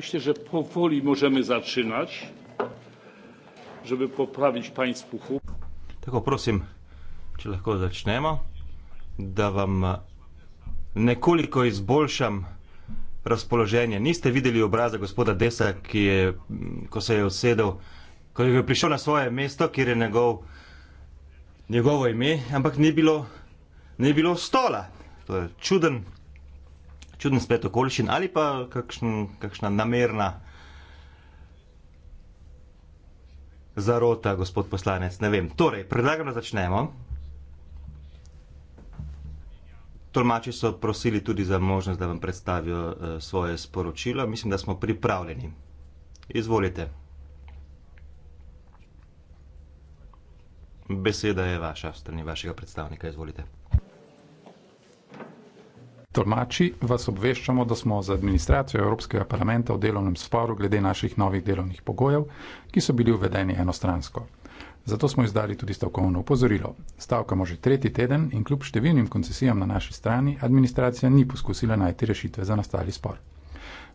Myślę, że powoli możemy zaczynać, żeby poprawić Państwu chłop. Tylko proszę, czy lekko zaczniemy? Da Wam e, niekoliko zbolszam rozpolożenie. Niste widzieli obraza gospoda Desa, ki je, ko se je osedel, ko je prišel na svoje mesto, kjer je njegov, njegovo ime, ampak ni bilo, ni bilo stola. To je čuden čudni splet okoliščin ali pa kakšen, kakšna namerna zarota, gospod poslanec, ne vem. Torej, predlagam, da začnemo. Tolmači so prosili tudi za možnost, da vam predstavijo uh, svoje sporočilo. Mislim, da smo pripravljeni. Izvolite. Beseda je vaša, strani vašega predstavnika. Izvolite tolmači, vas obveščamo, da smo z administracijo Evropskega parlamenta v delovnem sporu glede naših novih delovnih pogojev, ki so bili uvedeni enostransko. Zato smo izdali tudi stavkovno upozorilo. Stavkamo že tretji teden in kljub številnim koncesijam na naši strani, administracija ni poskusila najti rešitve za nastali spor.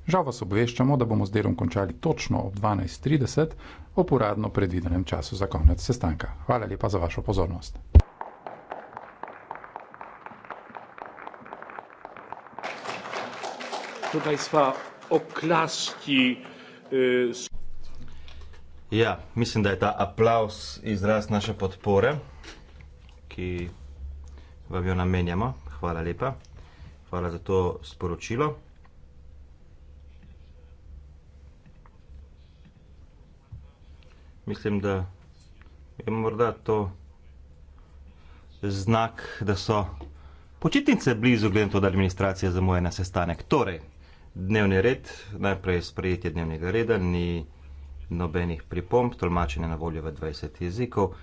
Žal vas obveščamo, da bomo z delom končali točno ob 12.30, ob uradno predvidenem času za konec sestanka. Hvala lepa za vašo pozornost. proszę Państwa o klaski. Ja, mislim, da je ta aplaus izraz naše podpore, ki vam jo namenjamo. Hvala lepa. Hvala za to sporočilo. Mislim, da je morda to znak, da so počitnice blizu, glede na to, da administracija zamuja na sestanek. Torej, dnevni red, najprej sprejetje dnevnega reda, ni nobenih pripomb, tolmačenje na voljo v 20 jezikov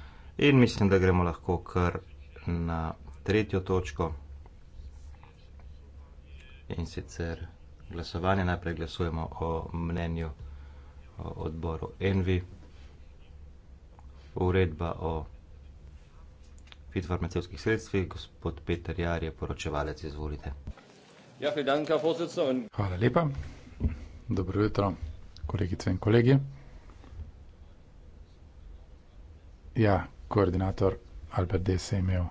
in mislim, da gremo lahko kar na tretjo točko in sicer glasovanje. Najprej glasujemo o mnenju o odboru Envi, uredba o fitofarmacevskih sredstvih, gospod Peter Jar je poročevalec, izvolite. Ja, vielen Dank, Herr Vorsitzender. Hvala lepa. Dobro jutro, kolegice in kolegi. Ja, koordinator Albert Des je imel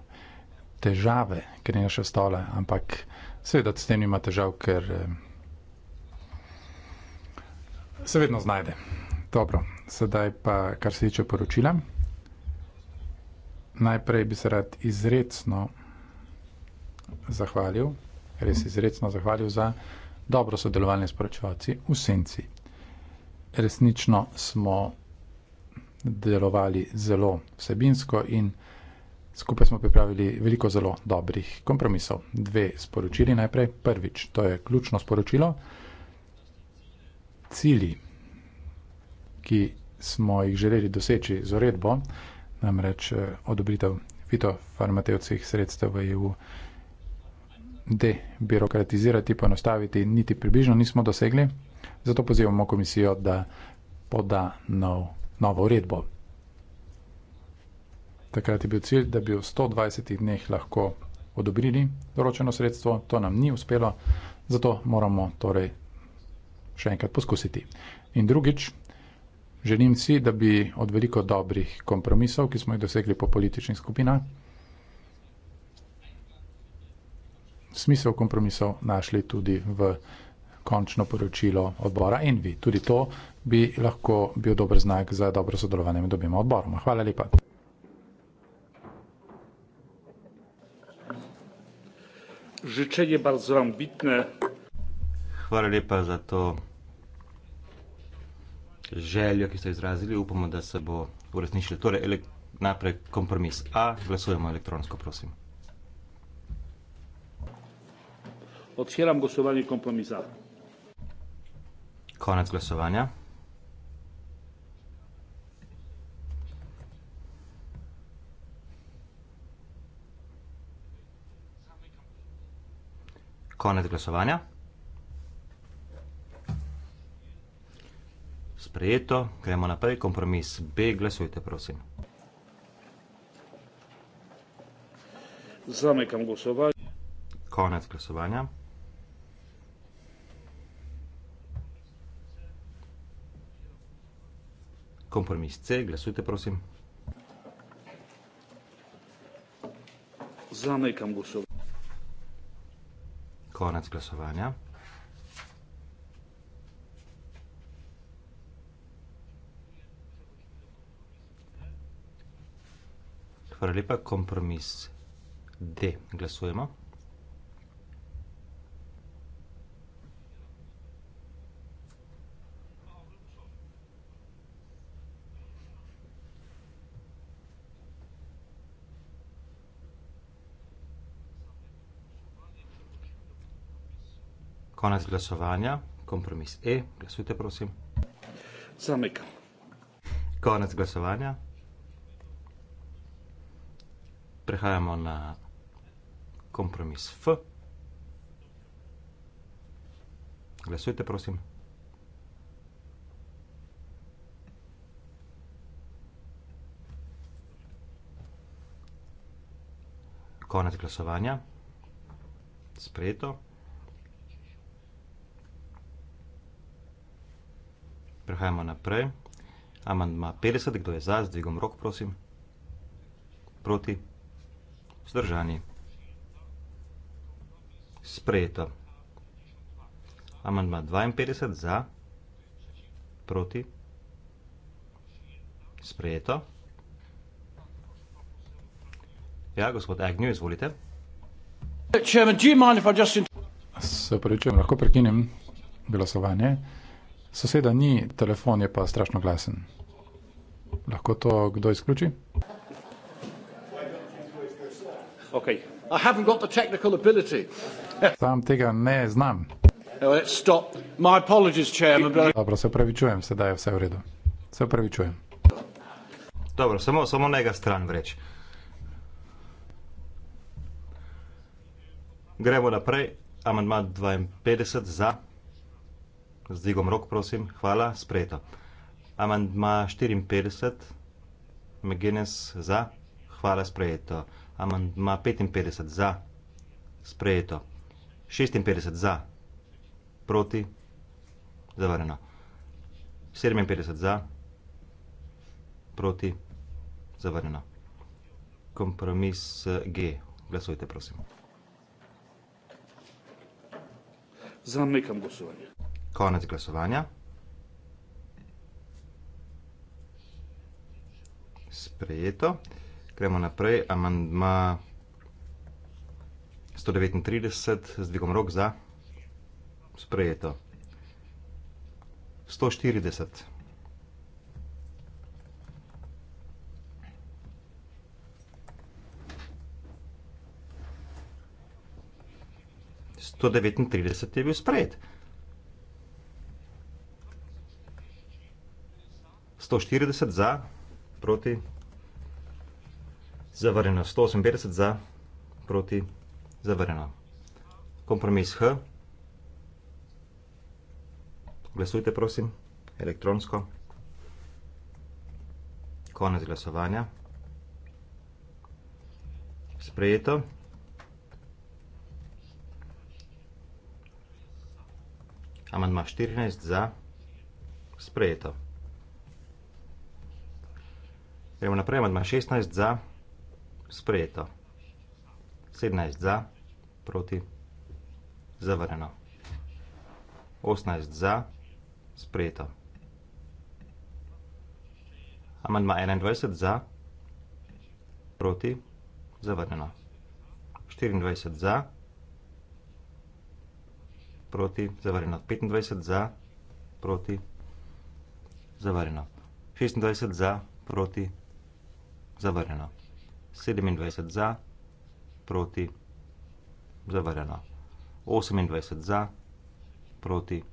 težave, ker ni še stola, ampak seveda s tem ima težav, ker eh, se vedno znajde. Dobro, sedaj pa, kar se tiče poročila. Najprej bi se rad izredno zahvalil res izredno zahvalil za dobro sodelovanje s poročevalci v senci. Resnično smo delovali zelo vsebinsko in skupaj smo pripravili veliko zelo dobrih kompromisov. Dve sporočili najprej. Prvič, to je ključno sporočilo. Cili, ki smo jih želeli doseči z uredbo, namreč eh, odobritev fitofarmateotskih sredstev v EU, debirokratizirati, poenostaviti, niti približno nismo dosegli. Zato pozivamo komisijo, da poda nov, novo uredbo. Takrat je bil cilj, da bi v 120 dneh lahko odobrili določeno sredstvo, to nam ni uspelo, zato moramo torej še enkrat poskusiti. In drugič, želim si, da bi od veliko dobrih kompromisov, ki smo jih dosegli po političnih skupinah, smisel kompromisov našli tudi v končno poročilo odbora in vi. Tudi to bi lahko bil dober znak za dobro sodelovanje med obima odboroma. Hvala lepa. Žičenje bardzo vam bitne. Hvala lepa za to željo, ki ste izrazili. Upamo, da se bo uresničilo. Torej, elek... naprej kompromis A. Glasujemo elektronsko, prosim. Odpiram głosowanie kompromisowe. Koniec głosowania. Koniec głosowania. Sprejeto, gremo naprej, kompromis B, glasujte prosim. Zamykam głosowanie. Koniec głosowania. Kompromis C, glasujte prosim. Zamekam glasovanje. Konec glasovanja. Hvala lepa, kompromis D. Glasujemo. Konec glasovanja, kompromis E, glasujte, prosim. Zamekam. Konec glasovanja. Prehajamo na kompromis F. Glasujte, prosim. Konec glasovanja. Sprejeto. Prehajamo naprej. Amandma 50, kdo je za, z dvigom rok, prosim. Proti. Zdržani. Sprejeto. Amandma 52, za. Proti. Sprejeto. Ja, gospod Agnew, izvolite. Se pravi, če lahko prekinem glasovanje. Soseda ni, telefon je pa strašno glasen. Lahko to kdo izključi? Okay. Sam tega ne znam. No, Dobro, se upravičujem, sedaj je vse v redu. Se upravičujem. Dobro, samo, samo nekaj stran vreč. Gremo naprej, amandma 52 za z digom rok, prosim, hvala, sprejeto. Amandma 54, McGuinness za, hvala, sprejeto. Amandma 55 za, sprejeto. 56 za, proti, zavrnjeno. 57 za, proti, zavrnjeno. Kompromis eh, G. Glasujte, prosim. Zamekam glasovanje. Konec glasovanja. Sprejeto. Gremo naprej. Amandma 139 z dvigom rok za. Sprejeto. 140. Sto devetintrideset je bil sprejet. 140 za, proti, zavrjeno. 158 za, proti, zavrjeno. Kompromis H. Glasujte, prosim, elektronsko. Konec glasovanja. Sprejeto. Amandma 14 za, sprejeto. Gremo naprej, ima 16 za, sprejeto. 17 za, proti, zavrjeno. 18 za, sprejeto. Amandma 21 za, proti, zavrnjeno. 24 za, proti, zavrnjeno. 25 za, proti, zavrnjeno. 26 za, proti, zavrnjeno zavrnjeno. 27 za, proti, zavrnjeno. 28 za, proti,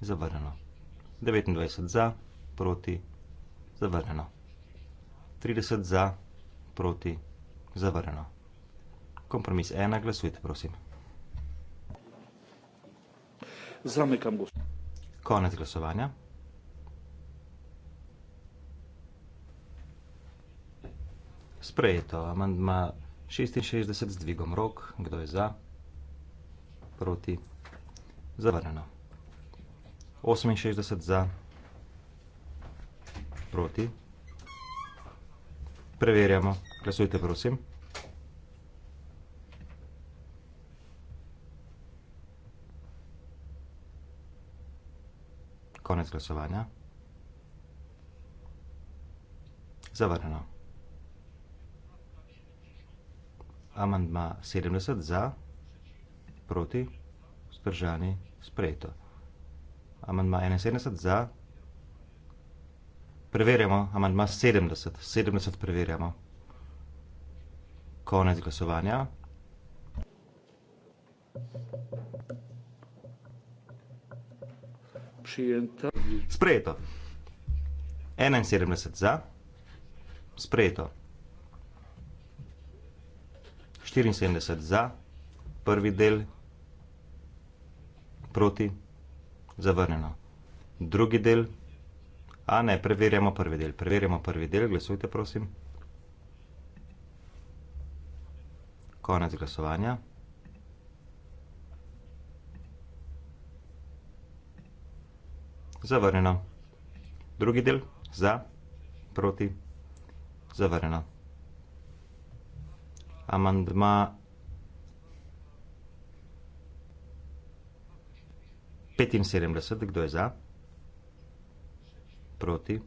zavrnjeno. 29 za, proti, zavrnjeno. 30 za, proti, zavrnjeno. Kompromis ena, glasujte, prosim. Zamekam gospod. Konec glasovanja. Sprejeto. Amandma 66 z dvigom rok. Kdo je za? Proti. Zavrneno. 68 za. Proti. Preverjamo. Glasujte, prosim. Konec glasovanja. Zavrneno. amandma 70 za, proti, vzdržani, sprejeto. Amandma 71 za, preverjamo, amandma 70, 70 preverjamo. Konec glasovanja. Prijenta. Sprejeto. 71 za, sprejeto. 74 za, prvi del, proti, zavrnjeno. Drugi del, a ne, preverjamo prvi del, preverjamo prvi del, glasujte prosim. Konec glasovanja. Zavrnjeno. Drugi del, za, proti, zavrnjeno amandma petinsedemdeset, kdo je za? Proti?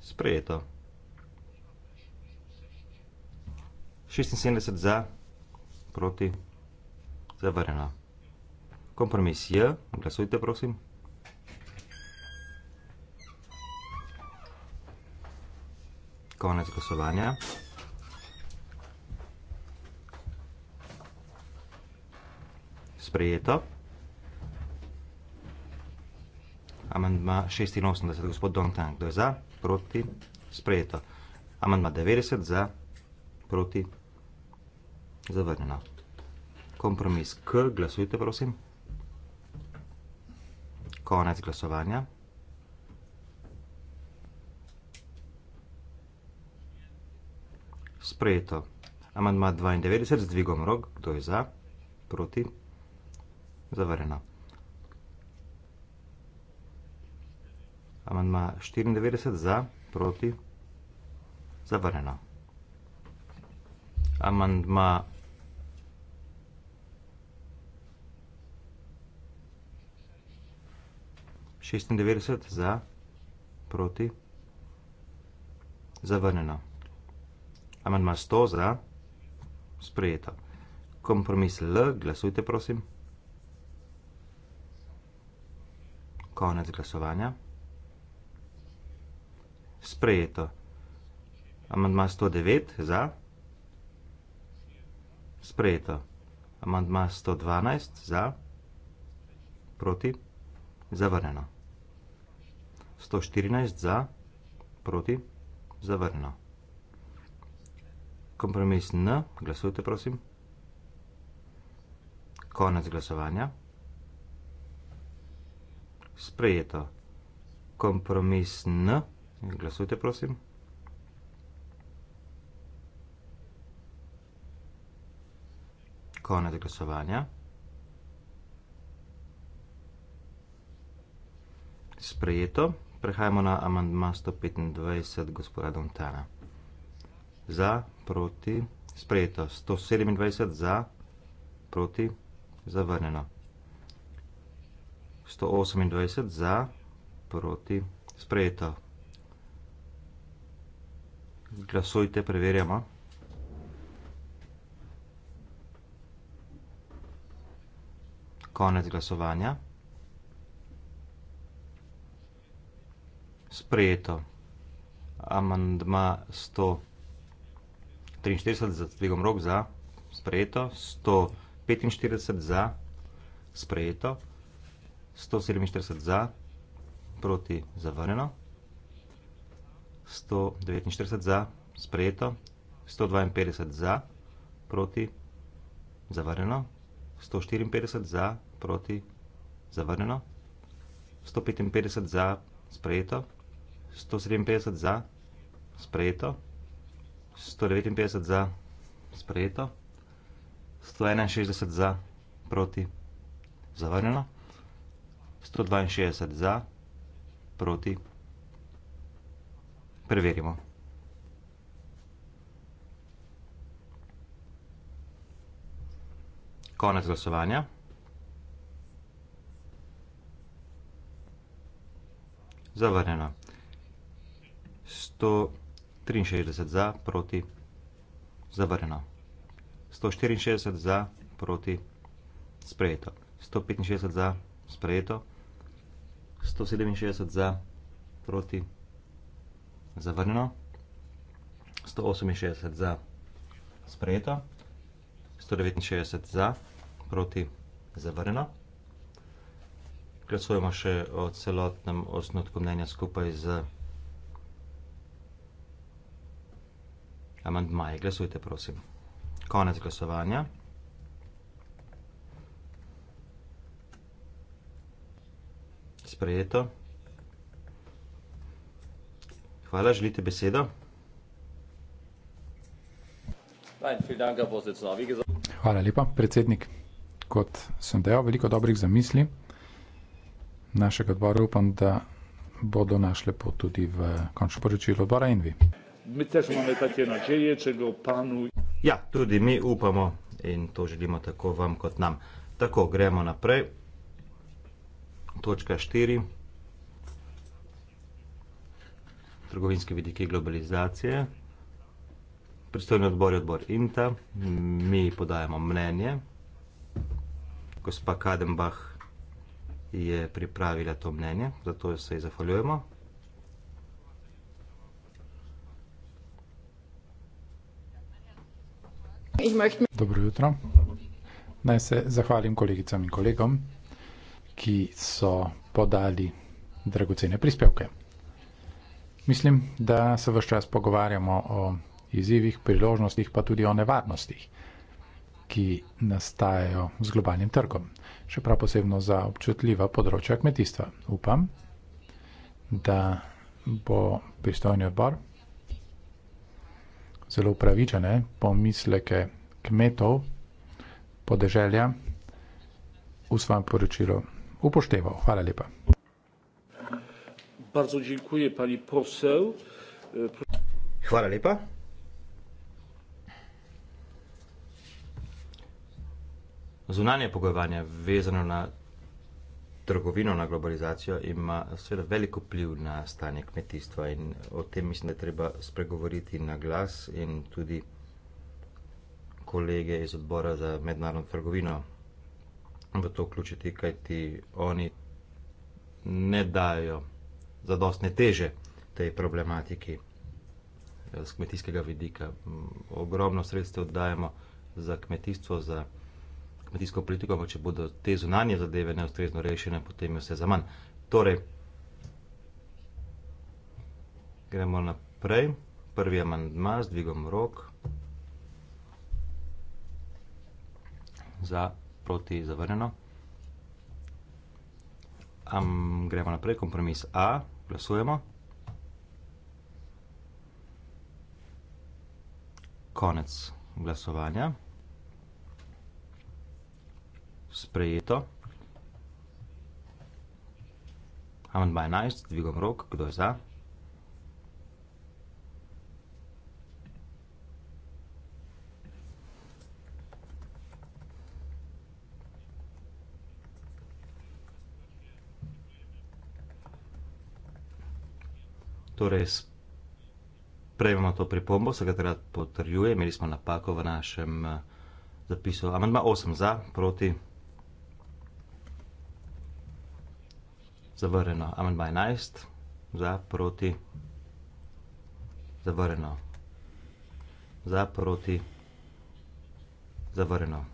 Sprejeto. Šestinsedemdeset za, proti, zavrnjeno. Kompromis J, glasujte prosim. Konec glasovanja. sprejeto. Amandma 86, gospod Dontan, kdo je za, proti, sprejeto. Amandma 90, za, proti, zavrnjeno. Kompromis K, glasujte prosim. Konec glasovanja. Sprejeto. Amandma 92, z dvigom rok, kdo je za, proti, zavrnjeno zavrnjeno. Amandma 94 za, proti, zavrnjeno. Amandma 96 za, proti, zavrnjeno. Amandma 100 za, sprejeto. Kompromis L, glasujte prosim. Konec glasovanja. Sprejeto. Amandma 109 za. Sprejeto. Amandma 112 za. Proti. Zavrneno. 114 za. Proti. Zavrneno. Kompromis N. Glasujte, prosim. Konec glasovanja sprejeta. Kompromis N, glasujte prosim. Konec glasovanja. Sprejeto. Prehajamo na amandma 125 gospoda Domtana. Za, proti, sprejeto. 127 za, proti, zavrneno. 128 za, proti, sprejeto. Glasujte, preverjamo. Konec glasovanja. Sprejeto. Amandma 143 za dvigom rok za, sprejeto. 145 za, sprejeto. 147 za, proti zavrnjeno, 149 za, sprejeto, 152 za, proti zavrnjeno, 154 za, proti zavrnjeno, 155 za, sprejeto, 157 za, sprejeto, 159 za, sprejeto, 161 za, proti zavrnjeno, 162 za, proti. Preverimo. Konec glasovanja. Zavrnjeno. 163 za, proti. Zavrnjeno. 164 za, proti. Sprejeto. 165 za, sprejeto. 167 za, proti, zavrnjeno. 168 za, sprejeto. 169 za, proti, zavrnjeno. Glasujemo še o celotnem osnotku mnenja skupaj z amandmaji. Glasujte, prosim. Konec glasovanja. sprejeto. Hvala, želite besedo? Hvala lepa, predsednik. Kot sem dejal, veliko dobrih zamisli našega odbora. Upam, da bodo našle pot tudi v končno poročilo odbora Envi. Ja, tudi mi upamo in to želimo tako vam kot nam. Tako, gremo naprej. Točka 4. Trgovinske vidike globalizacije. Predstavljen odbor je odbor INTA. Mi podajamo mnenje. Gospa Kadenbach je pripravila to mnenje, zato se ji zahvaljujemo. Dobro jutro. Naj se zahvalim kolegicam in kolegom ki so podali dragocene prispevke. Mislim, da se vse čas pogovarjamo o izzivih, priložnostih, pa tudi o nevarnostih, ki nastajajo z globalnim trgom, še prav posebno za občutljiva področja kmetijstva. Upam, da bo pristojni odbor zelo upravičene pomisleke kmetov podeželja v svojem poročilu upošteval. Hvala lepa. Bardzo dziękuję pani poseł. Hvala lepa. Zunanje pogojevanje vezano na trgovino, na globalizacijo ima seveda veliko pliv na stanje kmetijstva in o tem mislim, da je treba spregovoriti na glas in tudi kolege iz odbora za mednarodno trgovino v to vključiti, kaj ti oni ne dajo zadostne teže tej problematiki z eh, kmetijskega vidika. Mm, ogromno sredstev dajemo za kmetijstvo, za kmetijsko politiko, pa če bodo te zunanje zadeve neustrezno rešene, potem je vse za manj. Torej, gremo naprej. Prvi amandma z dvigom rok za proti zavrnjeno. Am, gremo naprej, kompromis A, glasujemo. Konec glasovanja. Sprejeto. Amandma 11, dvigom rok, kdo je za? torej prejmemo to pripombo, se ga takrat potrjuje, imeli smo napako v našem eh, zapisu. Amandma 8 za, proti, zavrjeno. Amandma 11 za, proti, zavrjeno. Za, proti, zavrjeno.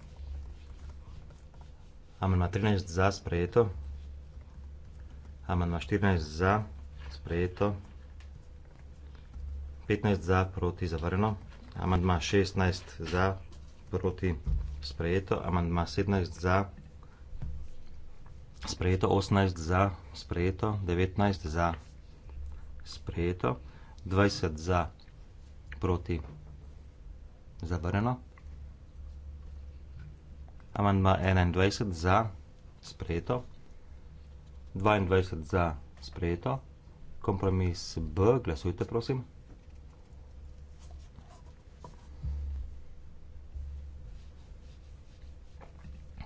Amandma 13 za, sprejeto. Amandma 14 za, sprejeto. 15 za, proti zavrno. Amandma 16 za, proti sprejeto. Amandma 17 za, sprejeto. 18 za, sprejeto. 19 za, sprejeto. 20 za, proti zavrno. Amandma 21 za, sprejeto. 22 za, sprejeto. Kompromis B, glasujte prosim.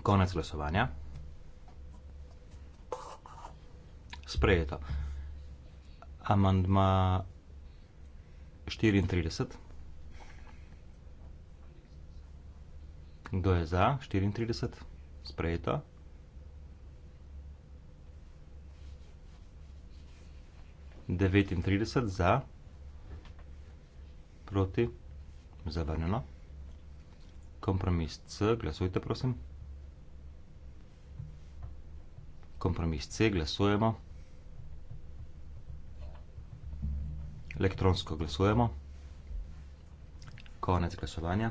Konec glasovanja. Sprejeto. Amandma 34. Kdo je za 34? Sprejeto. Devetintrideset za, proti, zavrnjeno. Kompromis C, glasujte prosim. kompromis C glasujemo. Elektronsko glasujemo. Konec glasovanja.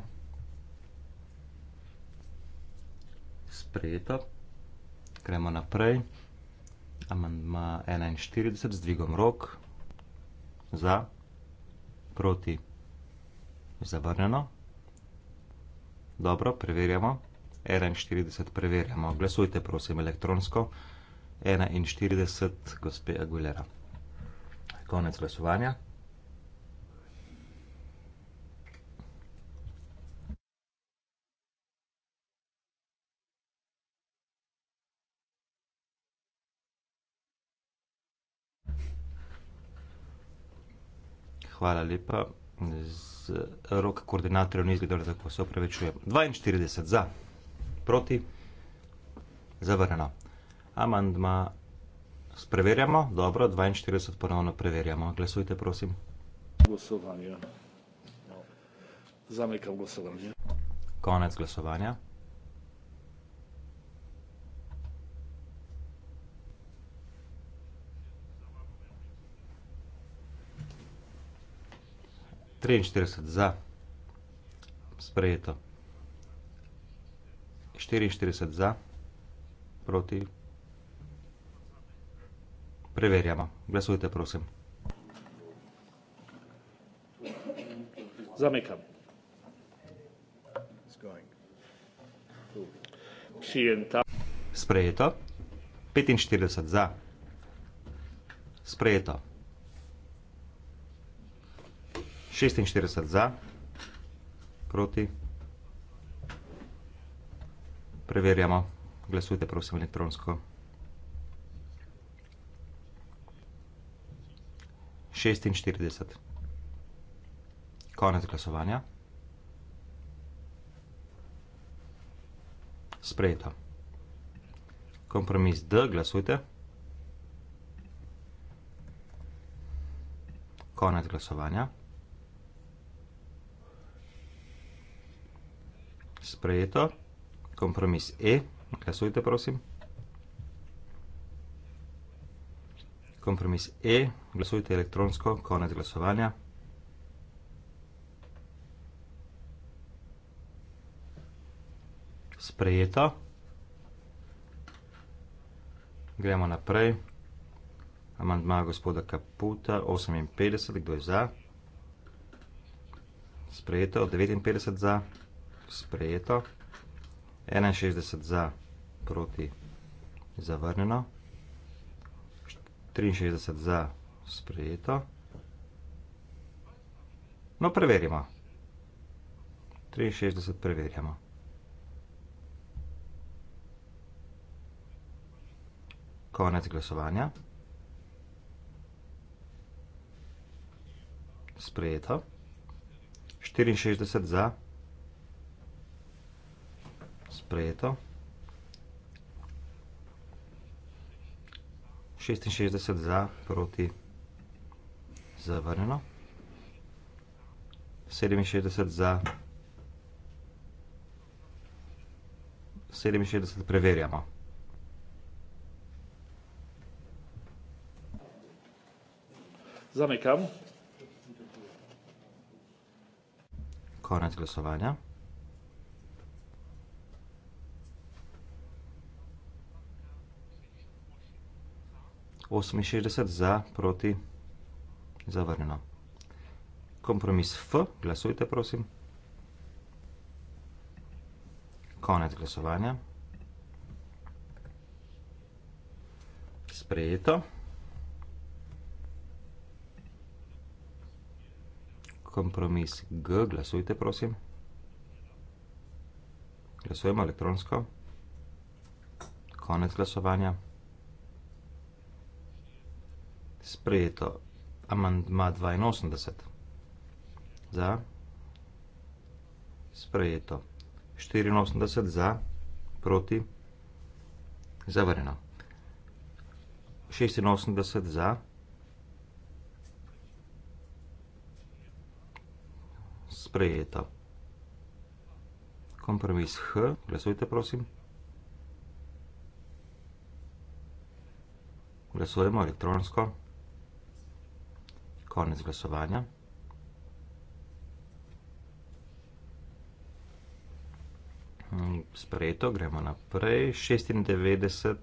Sprejeto. Gremo naprej. Amandma 41, zdvigom rok. Za. Proti. Zavrnjeno. Dobro, preverjamo. 41 preverjamo. Glasujte prosim elektronsko. Glasujte prosim elektronsko. 41, gospe Agulera. Konec glasovanja. Hvala lepa. Z rok koordinatorjev ni izgledalo, da se opravičujem. 42 za, proti, zavrnjeno amandma spreverjamo. Dobro, 42 ponovno preverjamo. Glasujte, prosim. Glasovanje. No. Zamekam glasovanje. Konec glasovanja. Triinštirideset za, sprejeto. Štiriinštirideset za, proti preverjamo. Glasujte, prosim. Zamekam. Sprejeto. 45 za. Sprejeto. 46 za. Proti. Preverjamo. Glasujte, prosim, elektronsko. 46. Konec glasovanja. Sprejeto. Kompromis D, glasujte. Konec glasovanja. Sprejeto. Kompromis E, glasujte prosim. kompromis E, glasujte elektronsko, konec glasovanja. Sprejeto. Gremo naprej. Amandma gospoda Kaputa, 58, kdo je za? Sprejeto, 59 za. Sprejeto. 61 za, proti, zavrneno. 63 za sprejeto. No, preverimo. 63 preverjamo. Konec glasovanja. Sprejeto. 64 za. Sprejeto. 66 za, proti, zavrneno. 67 za, 67 preverjamo. Zamekam. Konec glasovanja. 68 za, proti, zavrnjeno. Kompromis F, glasujte prosim. Konec glasovanja. Sprejeto. Kompromis G, glasujte prosim. Glasujemo elektronsko. Konec glasovanja sprejeto amandma 82, za, sprejeto 84, za, proti, zavrjeno. 86 za, sprejeto. Kompromis H, glasujte prosim. Glasujemo elektronsko konec glasovanja. Mm, sprejeto, gremo naprej. 96,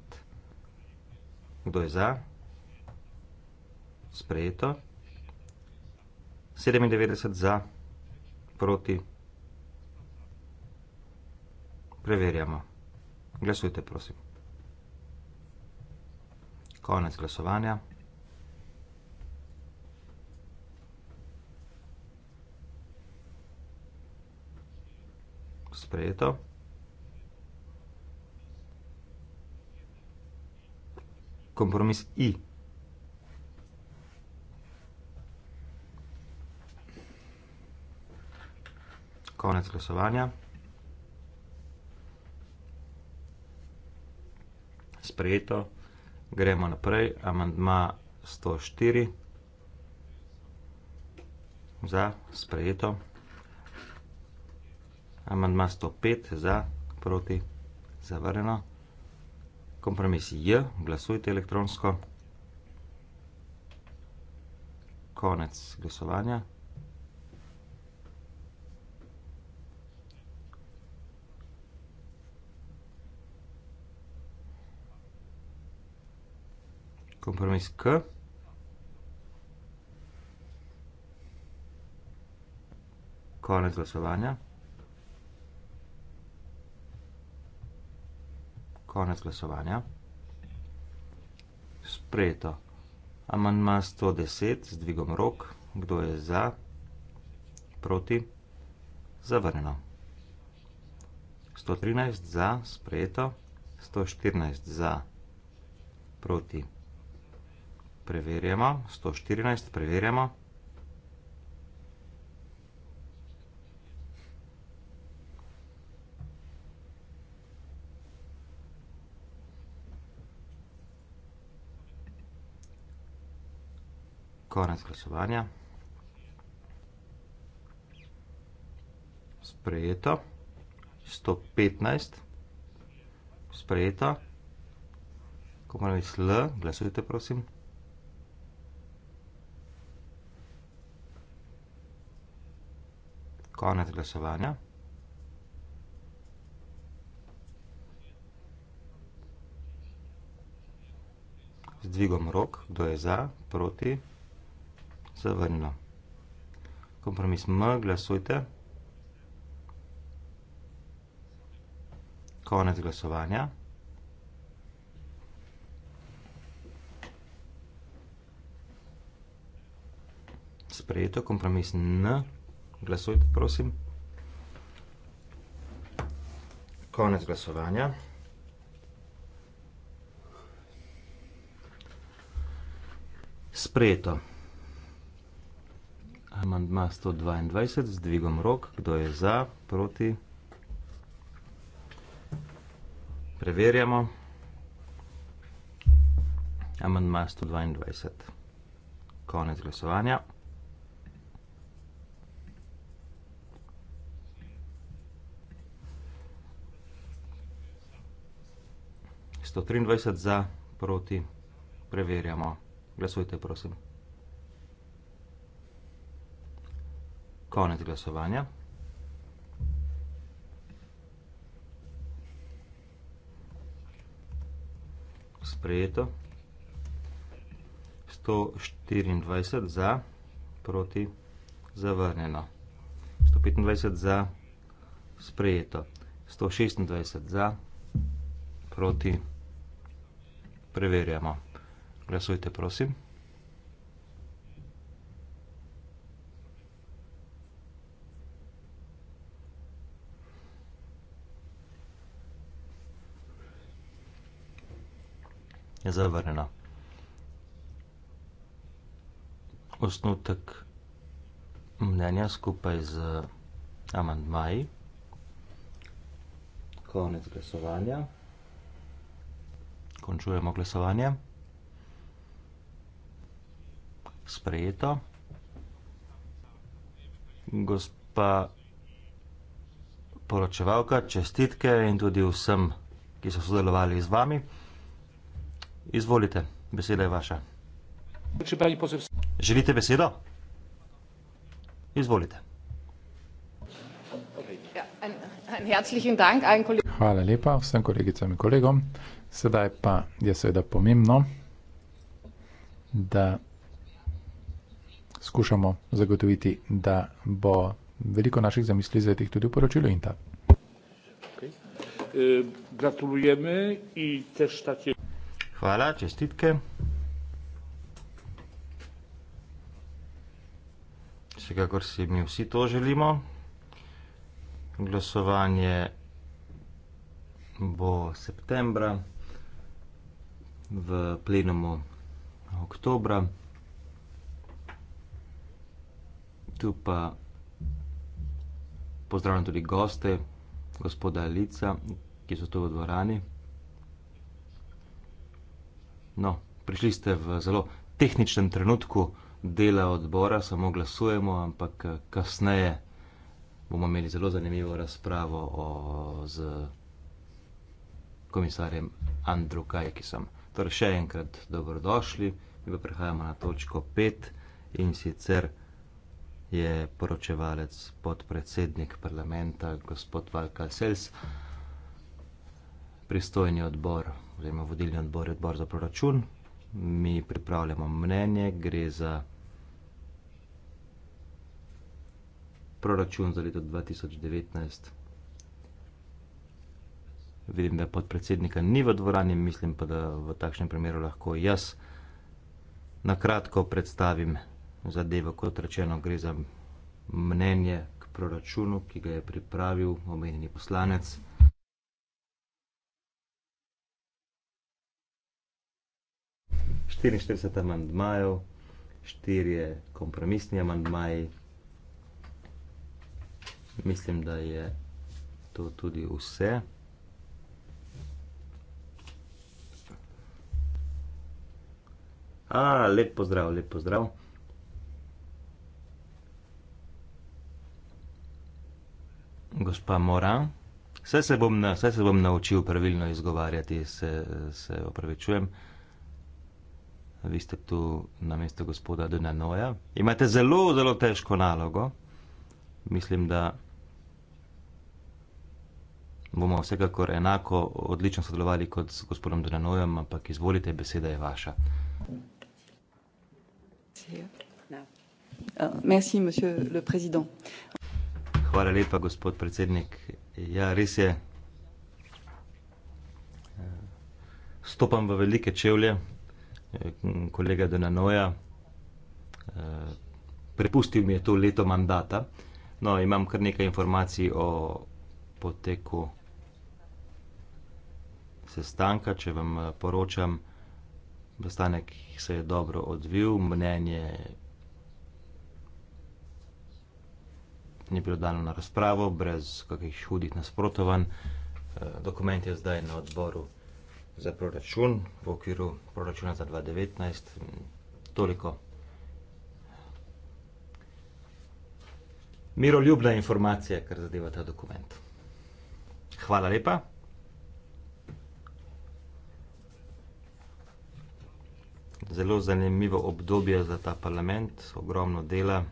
kdo je za? Sprejeto. 97 za, proti. Preverjamo. Glasujte, prosim. Konec glasovanja. sprejeto. Kompromis I. Konec glasovanja. Sprejeto. Gremo naprej. Amandma 104. Za sprejeto. Amandma 105 za, proti, zavrnjeno. Kompromis je, glasujte elektronsko. Konec glasovanja. Kompromis K. Konec glasovanja. Konec glasovanja. Sprejeto. Amandma 110 z dvigom rok. Kdo je za? Proti? Zavrneno. 113 za, sprejeto. 114 za, proti. Preverjamo. 114 preverjamo. konec glasovanja. Sprejeto. 115. Sprejeto. Ko moram iz L, glasujte prosim. Konec glasovanja. Zdvigom rok, kdo je za, proti, proti zavrnilo. Kompromis M, glasujte. Konec glasovanja. Sprejeto, kompromis N, glasujte prosim. Konec glasovanja. Sprejeto. Amandma 122 z dvigom rok. Kdo je za, proti? Preverjamo. Amandma 122. Konec glasovanja. Sto triindvajset za, proti, preverjamo. Glasujte, prosim. Konec glasovanja. Sprejeto. 124 za, proti zavrnjeno. 125 za, sprejeto. 126 za, proti preverjamo. Glasujte, prosim. je zavrnjena. Osnutek mnenja skupaj z amandmaji. Konec glasovanja. Končujemo glasovanje. Sprejeto. Gospa poročevalka, čestitke in tudi vsem, ki so sodelovali z vami. Izvolite, beseda je vaša. Želite besedo? Izvolite. Ja, Hvala lepa vsem kolegicam in kolegom. Sedaj pa je seveda pomembno, da skušamo zagotoviti, da bo veliko naših zamisli zvetih tudi v poročilu in ta. E, gratulujeme in tež tako je. Hvala, čestitke. Vsekakor si mi vsi to želimo. Glasovanje bo septembra v plenumu oktobra. Tu pa pozdravljam tudi goste, gospoda Lica, ki so tu v dvorani. No, prišli ste v zelo tehničnem trenutku dela odbora, samo glasujemo, ampak eh, kasneje bomo imeli zelo zanimivo razpravo o, z komisarjem Andrew Kajkisom. Torej, še enkrat dobrodošli, mi pa prehajamo na točko 5 in sicer je poročevalec podpredsednik parlamenta gospod Valkal Sels, pristojni odbor oziroma vodilni odbor je odbor za proračun, mi pripravljamo mnenje, gre za proračun za leto 2019. Vidim, da podpredsednika ni v dvorani, mislim pa, da v takšnem primeru lahko jaz na kratko predstavim zadevo, kot rečeno, gre za mnenje k proračunu, ki ga je pripravil omenjeni poslanec. 44 amandmajev, 4 kompromisni amandmaji. Mislim, da je to tudi vse. A, lep pozdrav, lep pozdrav. Gospa Mora, vse se bom, vse se bom naučil pravilno izgovarjati, se, se opravičujem. Vi ste tu na mesto gospoda Dunanoja. Imate zelo, zelo težko nalogo. Mislim, da bomo vsekakor enako odlično sodelovali kot s gospodom Dunanojem, ampak izvolite, beseda je vaša. Uh, Hvala lepa, gospod predsednik. Ja, res je. Uh, Stopam v velike čevlje kolega Donanoja, eh, prepustil mi je to leto mandata. No, imam kar nekaj informacij o poteku sestanka, če vam eh, poročam, sestanek se je dobro odvil, mnenje ni bilo dano na razpravo, brez kakih hudih nasprotovanj. Eh, dokument je zdaj na odboru za proračun v okviru proračuna za 2019. Toliko. Miroljubna informacija, kar zadeva ta dokument. Hvala lepa. Zelo zanimivo obdobje za ta parlament, ogromno dela,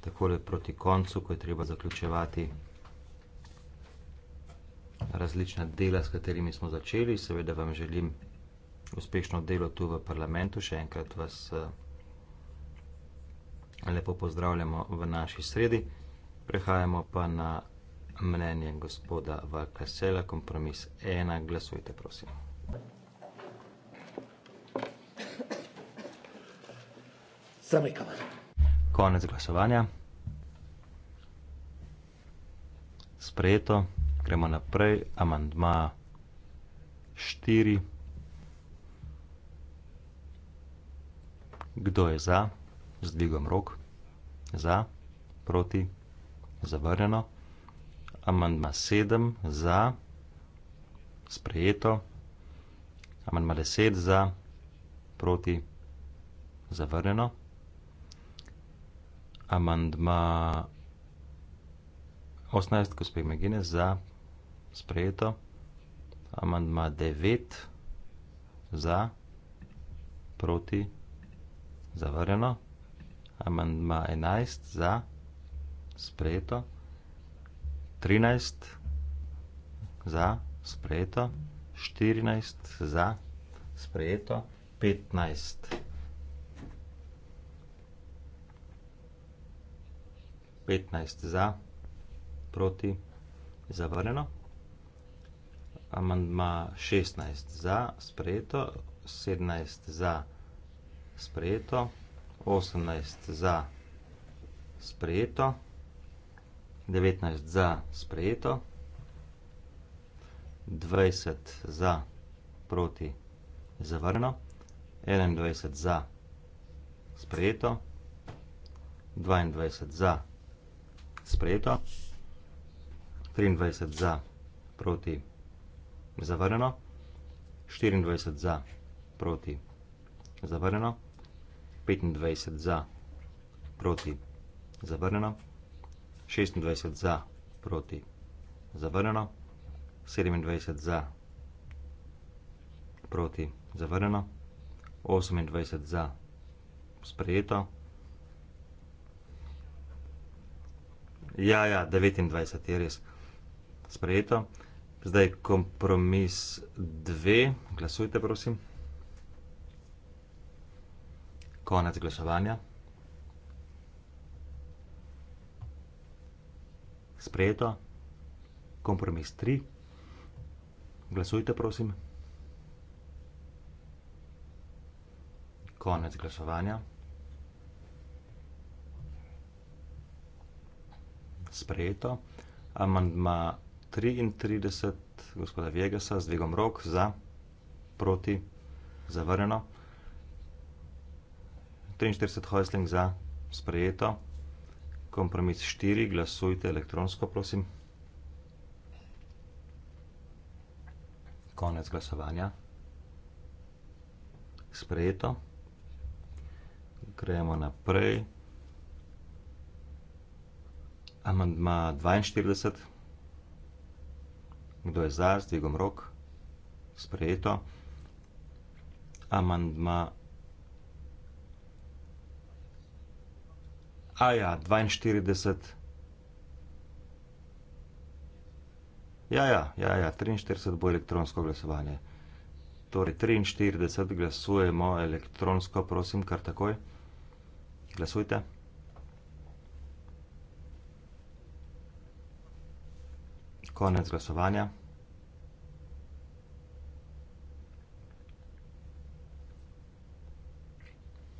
takole proti koncu, ko je treba zaključevati vse različna dela, s katerimi smo začeli. Seveda vam želim uspešno delo tu v parlamentu. Še enkrat vas eh, lepo pozdravljamo v naši sredi. Prehajamo pa na mnenje gospoda Valkasela. Kompromis ena. Glasujte, prosim. Zamekavanje. Konec glasovanja. Sprejeto. Gremo naprej, amandma štiri. Kdo je za? Z dvigom rok. Za, proti, zavrnjeno. Amandma sedem, za, sprejeto. Amandma deset, za, proti, zavrnjeno. Amandma osemnajst, gospe Megine, za, sprejeto. Amandma 9 za, proti, zavrjeno. Amandma 11 za, sprejeto. 13 za, sprejeto. 14 za, sprejeto. 15. Petnajst za, proti, zavrneno amandma 16 za sprejeto, 17 za sprejeto, 18 za sprejeto, 19 za sprejeto, 20 za proti zavrno, 21 za sprejeto, 22 za sprejeto, 23 za proti zavrno, zavrnjeno, 24 za, proti, zavrnjeno, 25 za, proti, zavrnjeno, 26 za, proti, zavrnjeno, 27 za, proti, zavrnjeno, 28 za, sprejeto. Ja, ja, 29 je res sprejeto. Zdaj kompromis 2, glasujte, prosim. Konec glasovanja. Sprejeto. Kompromis 3, glasujte, prosim. Konec glasovanja. Sprejeto. Amandma 33, gospoda Vegasa, z dvigom rok, za, proti, zavrnjeno. 43, Hojsling, za, sprejeto. Kompromis 4, glasujte elektronsko, prosim. Konec glasovanja. Sprejeto. Gremo naprej. Amandma 42 kdo je za, z dvigom rok, sprejeto. Amandma. A ja, 42. Ja, ja, ja, ja, 43 bo elektronsko glasovanje. Torej, 43 glasujemo elektronsko, prosim, kar takoj. Glasujte. konec glasovanja.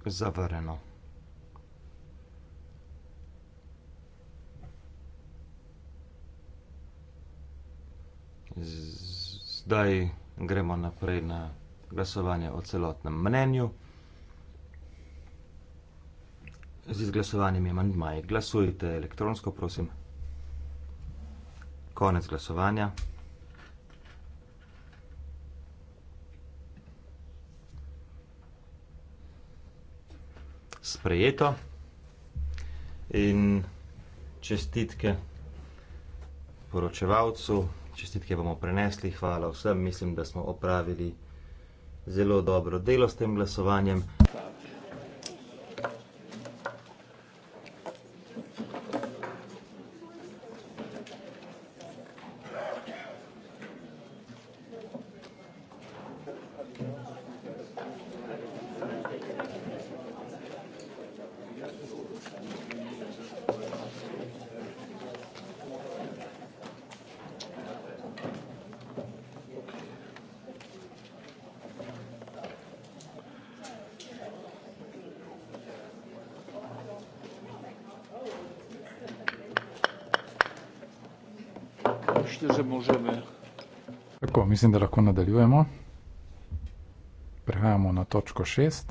Zavrjeno. Zdaj gremo naprej na glasovanje o celotnem mnenju. Z izglasovanjem imam dmaj. Glasujte elektronsko, prosim. Konec glasovanja. Sprejeto in čestitke poročevalcu, čestitke bomo prenesli, hvala vsem, mislim, da smo opravili zelo dobro delo s tem glasovanjem. mislim, da lahko nadaljujemo. Prehajamo na točko 6.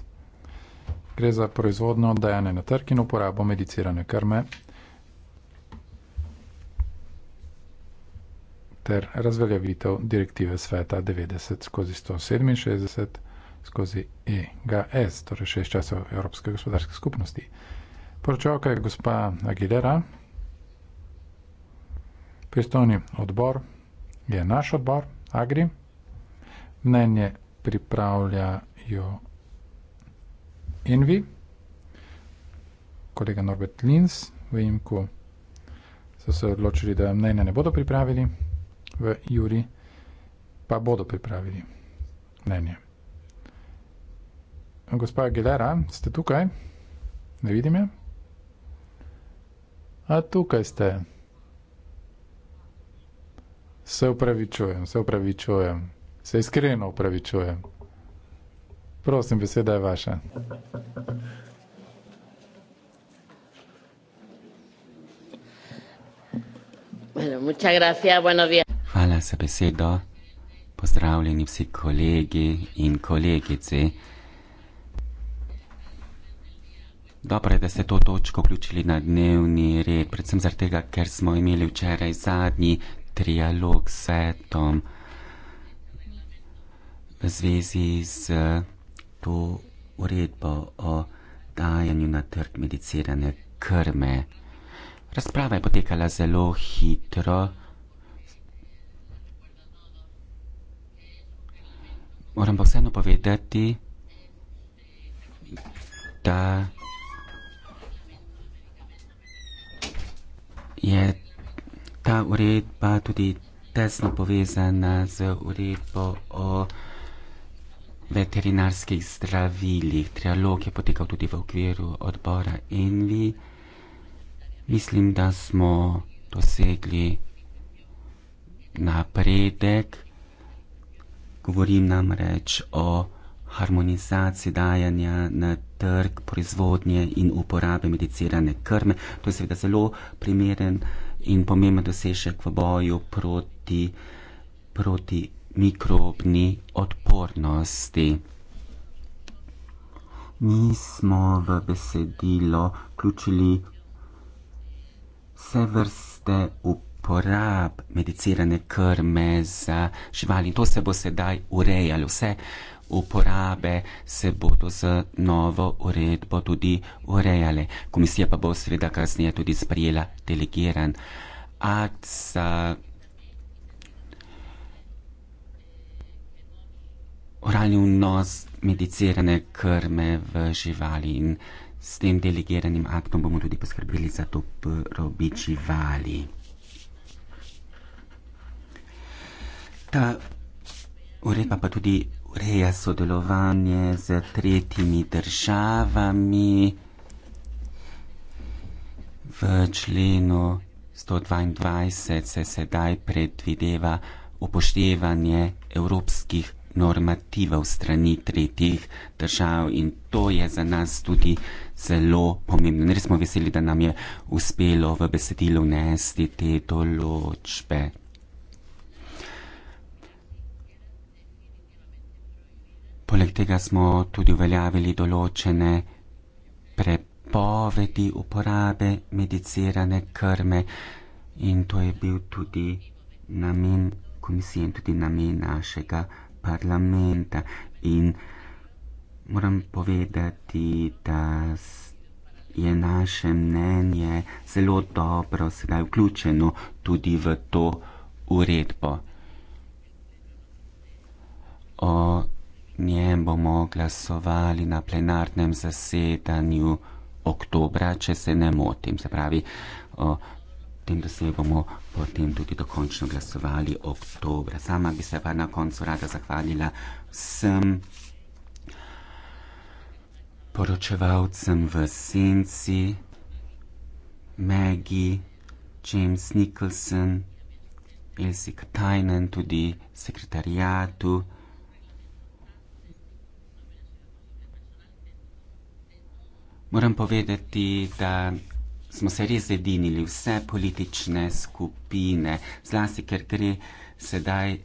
Gre za proizvodno dajanje na trg in uporabo medicirane krme ter razveljavitev direktive sveta 90 skozi 167 skozi EGS, torej šest časov Evropske gospodarske skupnosti. Poročevalka je gospa Aguilera. Pristojni odbor je naš odbor. Agri. Mnenje pripravljajo Envi, kolega Norbert Linz v imku so se odločili, da mnenja ne bodo pripravili v Juri, pa bodo pripravili mnenje. Gospa Gelera, ste tukaj? Ne vidim je? A tukaj ste. Tukaj ste. Se upravičujem, se upravičujem, se iskreno upravičujem. Prosim, beseda je vaša. Hvala za besedo. Pozdravljeni vsi kolegi in kolegice. Dobro je, da ste to točko vključili na dnevni red, predvsem zaradi tega, ker smo imeli včeraj zadnji trialog s svetom v zvezi z to uredbo o dajanju na trg medicirane krme. Razprava je potekala zelo hitro. Moram pa vseeno povedati, da je ta uredba tudi tesno povezana z uredbo o veterinarskih zdravilih. Trialog je potekal tudi v okviru odbora Envi. Mislim, da smo dosegli napredek. Govorim namreč o harmonizaciji dajanja na trg proizvodnje in uporabe medicirane krme. To je seveda zelo primeren in pomemben dosežek v boju proti, proti mikrobni odpornosti. Mi smo v besedilo vključili vse vrste upornosti uporab medicirane krme za živali. In to se bo sedaj urejalo. Vse uporabe se bodo z novo uredbo tudi urejale. Komisija pa bo seveda kasneje tudi sprijela delegiran akt za oralni vnos medicirane krme v živali in s tem delegiranim aktom bomo tudi poskrbeli za to robi živali. ta uredba pa tudi ureja sodelovanje z tretjimi državami v členu 122 se sedaj predvideva upoštevanje evropskih normativov strani tretjih držav in to je za nas tudi zelo pomembno. Res smo veseli, da nam je uspelo v besedilu nesti te določbe. Poleg tega smo tudi uveljavili določene prepovedi uporabe medicirane krme in to je bil tudi namen komisije in tudi namen našega parlamenta. In moram povedati, da je naše mnenje zelo dobro sedaj vključeno tudi v to uredbo. O njem bomo glasovali na plenarnem zasedanju oktobra, če se ne motim. Se pravi, o tem dosedaj bomo potem tudi dokončno glasovali oktobra. Sama bi se pa na koncu rada zahvalila vsem poročevalcem v Senci, Maggie, James Nicholson, Elsie Katajnen, tudi sekretarijatu. Moram povedati, da smo se res zedinili vse politične skupine, zlasti ker gre sedaj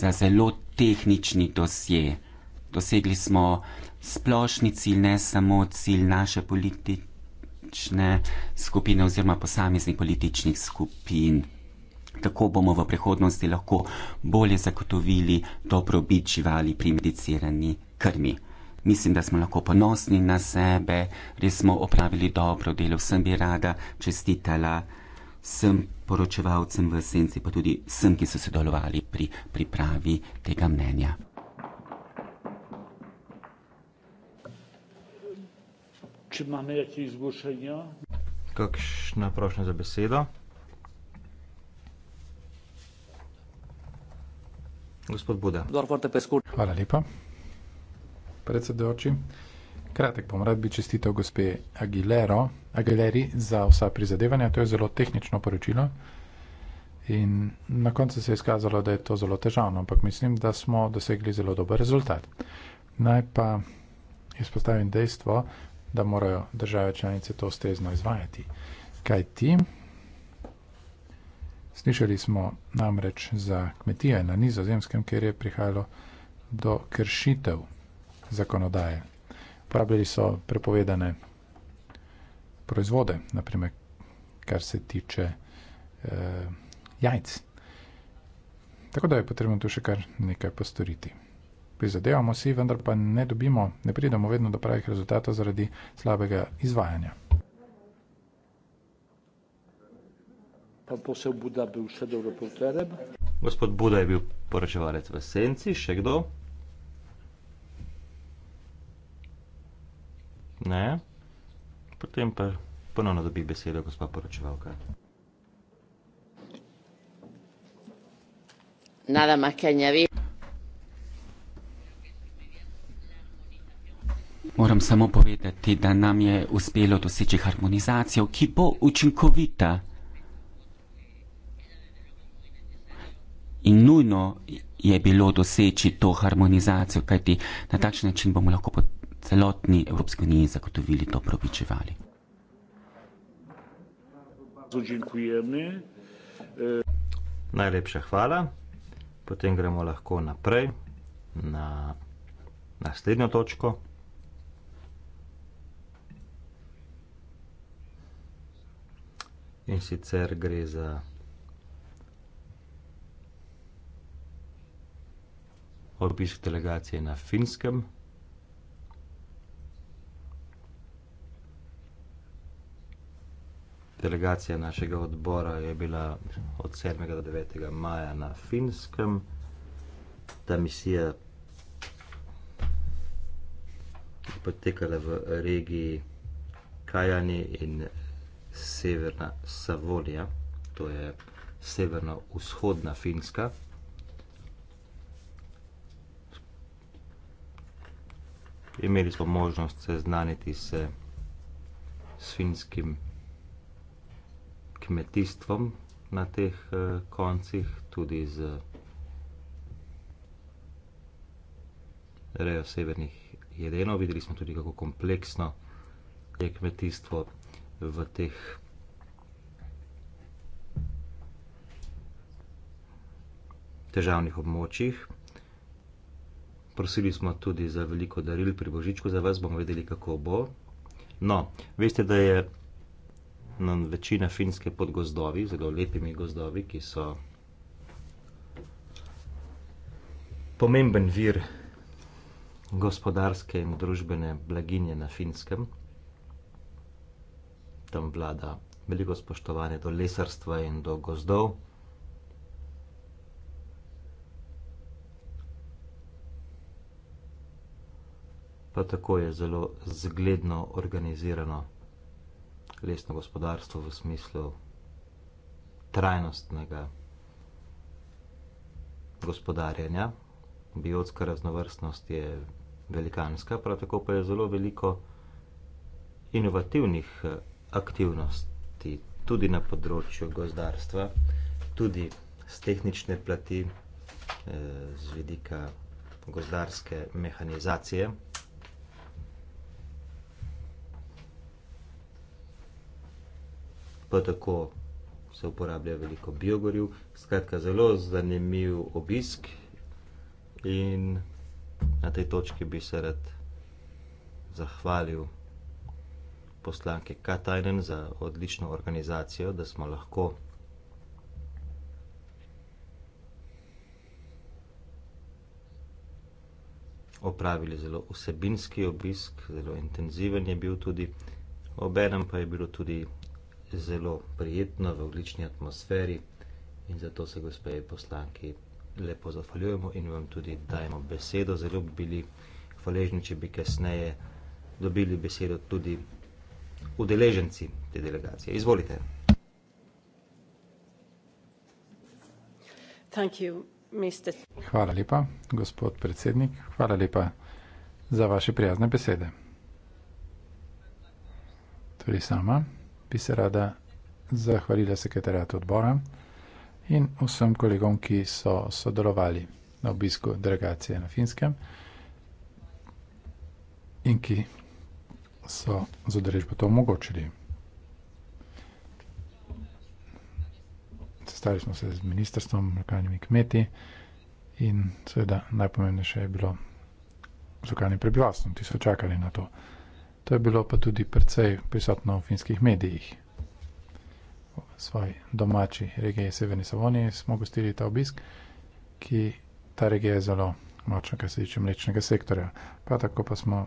za zelo tehnični dosje. Dosegli smo splošni cilj, ne samo cilj naše politične skupine oziroma posameznih političnih skupin. Tako bomo v prihodnosti lahko bolje zagotovili dobrobit živali pri medicirani krmi. Mislim, da smo lahko ponosni na sebe, res smo opravili dobro delo. Vsem bi rada čestitala, vsem poročevalcem v senci, pa tudi vsem, ki so sodelovali pri pripravi tega mnenja. Če imamo več izkušenja? Kakšna prošnja za besedo? Gospod Buda. Hvala lepa predsedujoči. Kratek bom rad bi čestitev gospe Aguilero, Aguileri za vsa prizadevanja. To je zelo tehnično poročilo. In na koncu se je izkazalo, da je to zelo težavno, ampak mislim, da smo dosegli zelo dober rezultat. Naj pa izpostavim dejstvo, da morajo države članice to ustrezno izvajati. Kaj ti? Slišali smo namreč za kmetije na nizozemskem, kjer je prihajalo do kršitev zakonodaje. Uporabljali so prepovedane proizvode, naprimer, kar se tiče eh, jajc. Tako da je potrebno tu še kar nekaj postoriti. Prizadevamo si, vendar pa ne dobimo, ne pridemo vedno do pravih rezultatov zaradi slabega izvajanja. Gospod Buda je bil poročevalec v Senci, še kdo? Ne. Potem pa ponovno dobi besedo gospa poročevalka. Nada más que añadir. Moram samo povedati, da nam je uspelo doseči harmonizacijo, ki bo učinkovita in nujno je bilo doseči to harmonizacijo, kajti na takšen način bomo lahko potrebovali celotni Evropski uniji zagotovili to pravičevali. Najlepša hvala. Potem gremo lahko naprej na naslednjo točko. In sicer gre za obisk delegacije na Finskem. delegacija našega odbora je bila od 7. do 9. maja na Finskem. Ta misija je potekala v regiji Kajani in Severna Savolija, to je severno-vzhodna Finska. Imeli smo možnost seznaniti se s finskim kmetijstvom na teh uh, koncih, tudi z rejo severnih jedenov. Videli smo tudi, kako kompleksno je kmetijstvo v teh težavnih območjih. Prosili smo tudi za veliko daril pri Božičku, za vas bomo vedeli, kako bo. No, veste, da je nam večina finske pod gozdovi, zelo lepimi gozdovi, ki so pomemben vir gospodarske in družbene blaginje na finskem. Tam vlada veliko spoštovanje do lesarstva in do gozdov. Pa tako je zelo zgledno organizirano lesno gospodarstvo v smislu trajnostnega gospodarjenja. Biotska raznovrstnost je velikanska, prav tako pa je zelo veliko inovativnih eh, aktivnosti tudi na področju gozdarstva, tudi z tehnične plati, eh, z vidika gozdarske mehanizacije. pa tako se uporablja veliko biogoriv. Skratka, zelo zanimiv obisk in na tej točki bi se rad zahvalil poslanke Katajnen za odlično organizacijo, da smo lahko opravili zelo vsebinski obisk, zelo intenziven je bil tudi, obenem pa je bilo tudi zelo prijetno v oblični atmosferi in zato se gospeji poslanki lepo zahvaljujemo in vam tudi dajemo besedo. Zelo bi bili hvaležni, če bi kasneje dobili besedo tudi udeleženci te delegacije. Izvolite. Thank you, Mr. Hvala lepa, gospod predsednik. Hvala lepa za vaše prijazne besede. Tudi sama bi se rada zahvalila sekretariatu odbora in vsem kolegom, ki so sodelovali na obisku delegacije na Finskem in ki so z udeležbo to omogočili. Sestali smo se z ministrstvom, lokalnimi kmeti in seveda najpomembnejše je bilo z lokalnim prebivalstvom, ki so čakali na to. To je bilo pa tudi precej prisotno v finskih medijih. V svoji domači regiji Severni Savoniji smo gostili ta obisk, ki ta regija je zelo močna, kar se tiče mlečnega sektorja. Pa tako pa smo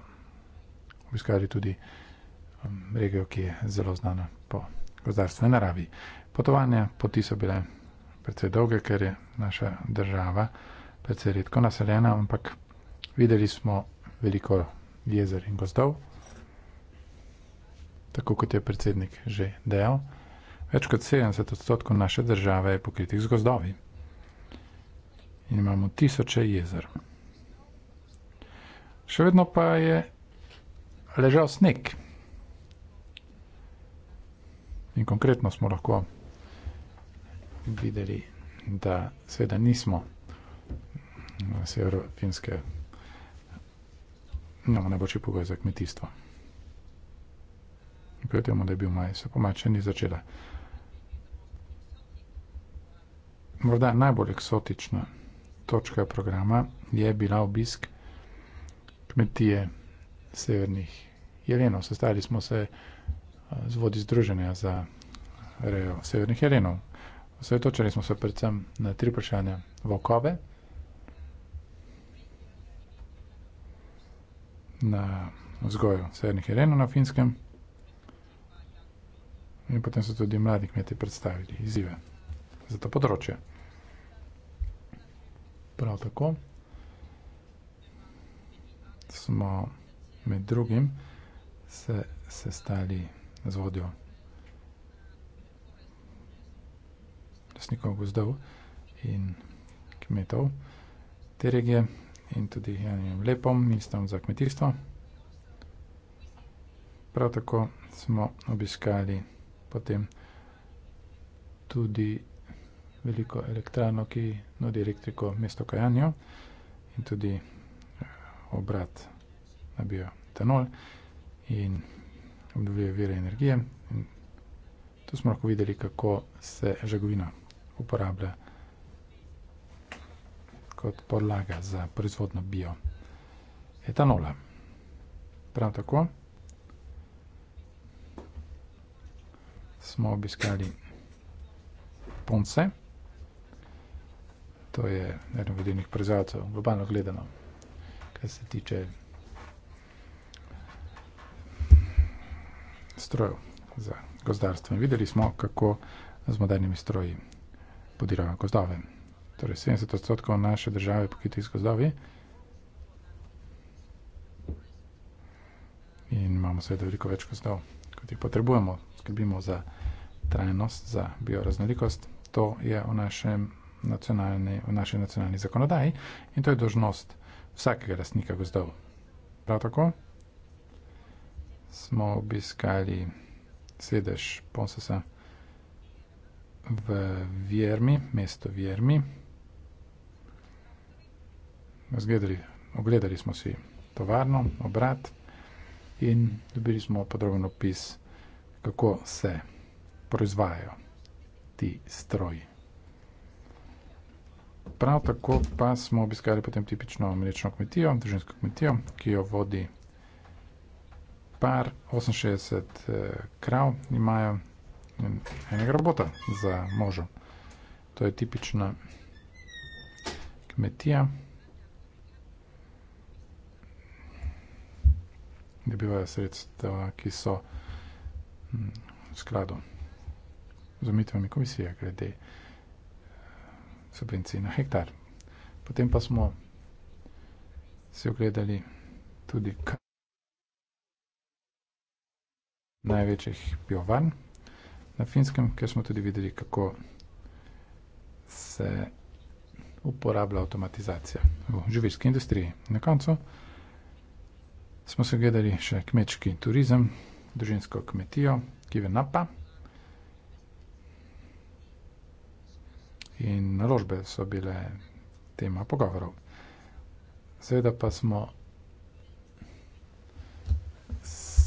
obiskali tudi um, regijo, ki je zelo znana po gozdarstvu in naravi. Potovanja poti so bile precej dolge, ker je naša država precej redko naseljena, ampak videli smo veliko jezer in gozdov tako kot je predsednik že dejal, več kot 70 odstotkov naše države je pokritih z gozdovi. In imamo tisoče jezer. Še vedno pa je ležal sneg. In konkretno smo lahko videli, da seveda nismo severofinske, imamo najboljši pogoj za kmetijstvo in proti temu, da je bil majhen. Pa majhen ni začela. Morda najbolj eksotična točka programa je bila obisk kmetije severnih jelenov. Sestali smo se eh, z vodi združenja za rejo severnih jelenov. Osredotočili smo se predvsem na tri vprašanja. Vokove, na vzgoju severnih jelenov na finskem, in potem so tudi mladi kmeti predstavili izzive za to področje. Prav tako smo med drugim se sestali z vodjo lesnikov gozdov in kmetov te regije in tudi Janijem Lepom, ministrom za kmetijstvo. Prav tako smo obiskali potem tudi veliko elektrarno, ki nudi elektriko mesto Kajanjo in tudi eh, obrat na bioetanol in obnovljive vire energije. In tu smo lahko videli, kako se žagovina uporablja kot podlaga za proizvodno bioetanola. Prav tako. smo obiskali Ponce, to je eden od vodilnih prezavcev, globalno gledano, kar se tiče strojev za gozdarstvo. In videli smo, kako z modernimi stroji podirajo gozdove. Torej 70 naše države pokriti z gozdovi in imamo seveda veliko več gozdov kot jih potrebujemo, skrbimo za trajnost, za bioraznolikost. To je v, našem nacionalni, v naši nacionalni zakonodaji in to je dožnost vsakega lastnika gozdov. Prav tako smo obiskali sedež Ponsesa v Vjermi, mesto Vjermi. Zgledali, ogledali smo si tovarno, obrat, in dobili smo podroben opis, kako se proizvajajo ti stroji. Prav tako pa smo obiskali potem tipično mlečno kmetijo, družinsko kmetijo, ki jo vodi par 68 eh, krav, imajo enega robota za možo. To je tipična kmetija. dobivajo sredstva, ki so hm, v skladu z omitvami komisije glede eh, subvencij na hektar. Potem pa smo se ogledali tudi največjih biovarn na Finskem, kjer smo tudi videli, kako se uporablja avtomatizacija v živilski industriji. Na koncu smo se gledali še kmečki turizem, družinsko kmetijo, ki je napa. In naložbe so bile tema pogovorov. Seveda pa smo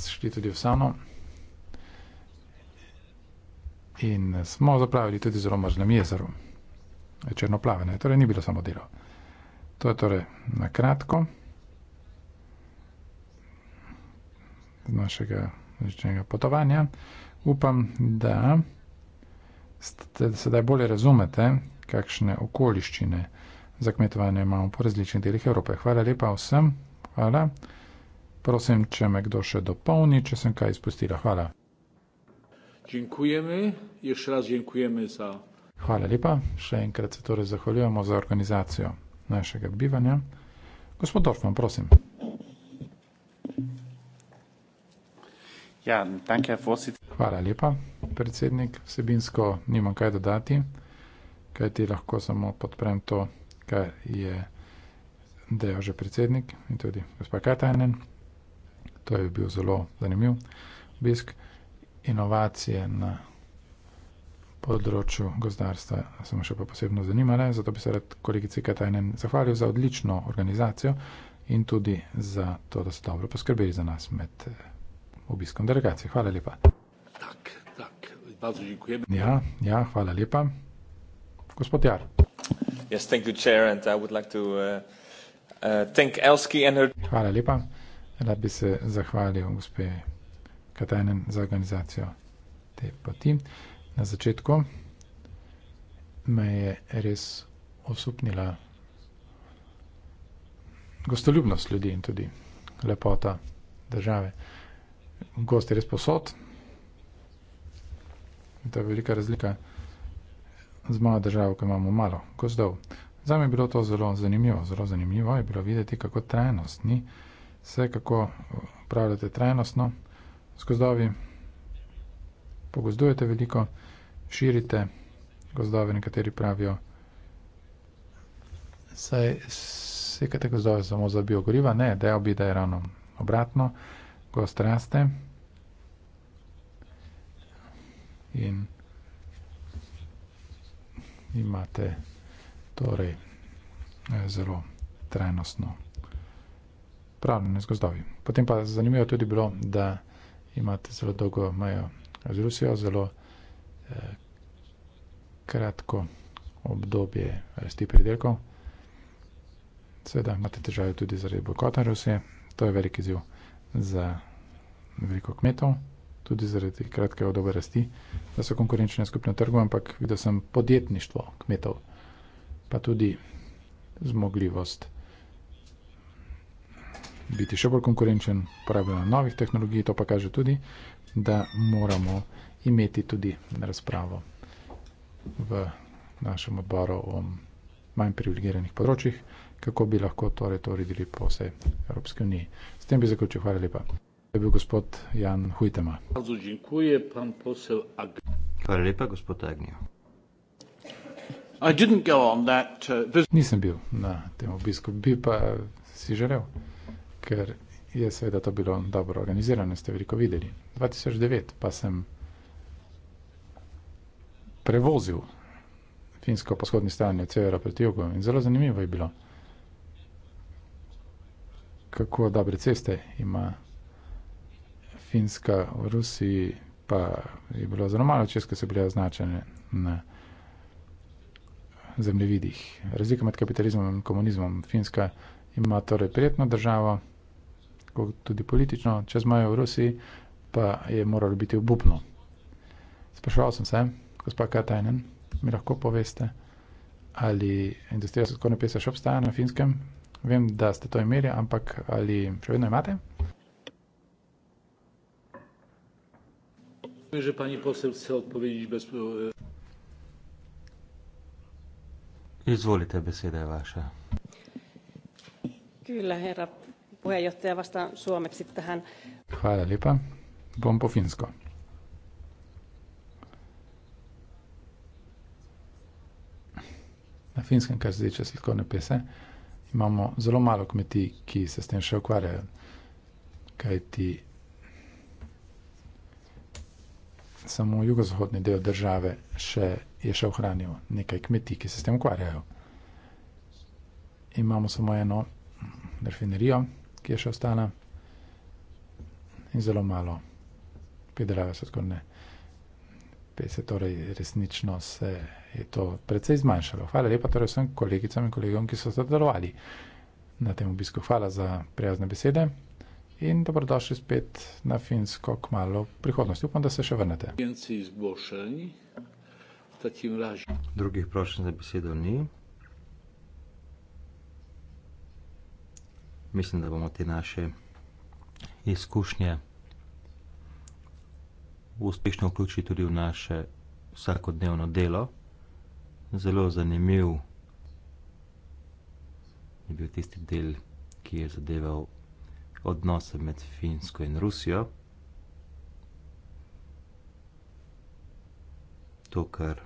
šli tudi v sano in smo zapravili tudi zelo mrzlem jezeru. Črnoplavene, torej ni bilo samo delo. To je torej na kratko. našega večnega potovanja. Upam, da ste sedaj bolje razumete, kakšne okoliščine za kmetovanje imamo po različnih delih Evrope. Hvala lepa vsem. Hvala. Prosim, če me kdo še dopolni, če sem kaj izpustila. Hvala. Dziękujemy. Jeszcze raz dziękujemy za... Hvala lepa. Še enkrat se torej zahvaljujemo za organizacijo našega bivanja. Gospod Dorfman, prosim. Ja, danke, Herr Vorsitz. Hvala lepa, predsednik. Vsebinsko nimam kaj dodati, kaj ti lahko samo podprem to, kar je dejal že predsednik in tudi gospod Katajnen. To je bil zelo zanimiv obisk. Inovacije na področju gozdarstva so me še pa posebno zanimale, zato bi se rad kolegici Katajnen zahvalil za odlično organizacijo in tudi za to, da so dobro poskrbeli za nas med. Eh, obiskom delegacije. Hvala lepa. Tak, tak. Ja, ja, hvala lepa. Gospod Jar. Yes, thank you, chair, and I would like to uh, uh, thank Elski and her... Hvala lepa. Rad bi se zahvalil gospe Katajnen za organizacijo te poti. Na začetku me je res osupnila gostoljubnost ljudi in tudi lepota države gost res posod. In to je velika razlika z mojo državo, ki imamo malo gozdov. Zame je bilo to zelo zanimivo, zelo zanimivo je bilo videti, kako trajnost ni, vse kako upravljate trajnostno z gozdovi, pogozdujete veliko, širite gozdove, nekateri pravijo, saj sekate gozdove samo za biogoriva, ne, dejal bi, da je ravno obratno gost raste in imate torej eh, zelo trajnostno pravljene z gozdovi. Potem pa zanimivo tudi bilo, da imate zelo dolgo mejo z Rusijo, zelo eh, kratko obdobje rasti pridelkov. Seveda imate težave tudi zaradi bojkota Rusije, to je velik izziv za veliko kmetov, tudi zaradi kratkega doba rasti, da so konkurenčni na skupnem trgu, ampak videl sem podjetništvo kmetov, pa tudi zmogljivost biti še bolj konkurenčen, uporabljanje novih tehnologij, to pa kaže tudi, da moramo imeti tudi razpravo v našem odboru o manj privilegiranih področjih, kako bi lahko torej to uredili po vsej Evropski uniji. S tem bi zaključil. Hvala lepa je bil gospod Jan Hujtema. Hvala lepa, gospod Agnijo. Uh, Nisem bil na tem obisku, bi pa si želel, ker je seveda to bilo dobro organizirano, ste veliko videli. 2009 pa sem prevozil finsko poshodni strani od severa proti jugu in zelo zanimivo je bilo, kako dobre ceste ima Finska, v Rusiji pa je bilo zelo malo česka, ki so bile označene na zemljevidih. Razlika med kapitalizmom in komunizmom. Finska ima torej prijetno državo, tudi politično, čez mojo v Rusiji pa je moralo biti obupno. Sprašoval sem se, gospa Katajnen, mi lahko poveste, ali industrija sladkorne pesa še obstaja na finskem. Vem, da ste to imeli, ampak ali še vedno imate? Rozumiem, że pani poseł chce odpowiedzieć bez... Izvolite, beseda je vaša. Kyllä, herra puheenjohtaja, vastaan suomeksi tähän. Hvala lepa. Bom po finsko. Na finskem, kar zdi, če se lahko pese, imamo zelo malo kmetij, ki se s tem še ukvarjajo. Kaj ti samo jugozahodni del države še je še ohranil nekaj kmetij, ki se s tem ukvarjajo. Imamo samo eno rafinerijo, ki je še ostala in zelo malo pridelave sladkorne. Se torej resnično se je to precej zmanjšalo. Hvala lepa torej vsem kolegicam in kolegom, ki so sodelovali na tem obisku. Hvala za prijazne besede in dobrodošli spet na Finsko k malu prihodnosti. Upam, da se še vrnete. Drugih prošenj za besedo ni. Mislim, da bomo te naše izkušnje uspešno vključili tudi v naše vsakodnevno delo. Zelo zanimiv je bil tisti del, ki je zadeval odnose med Finsko in Rusijo, to, kar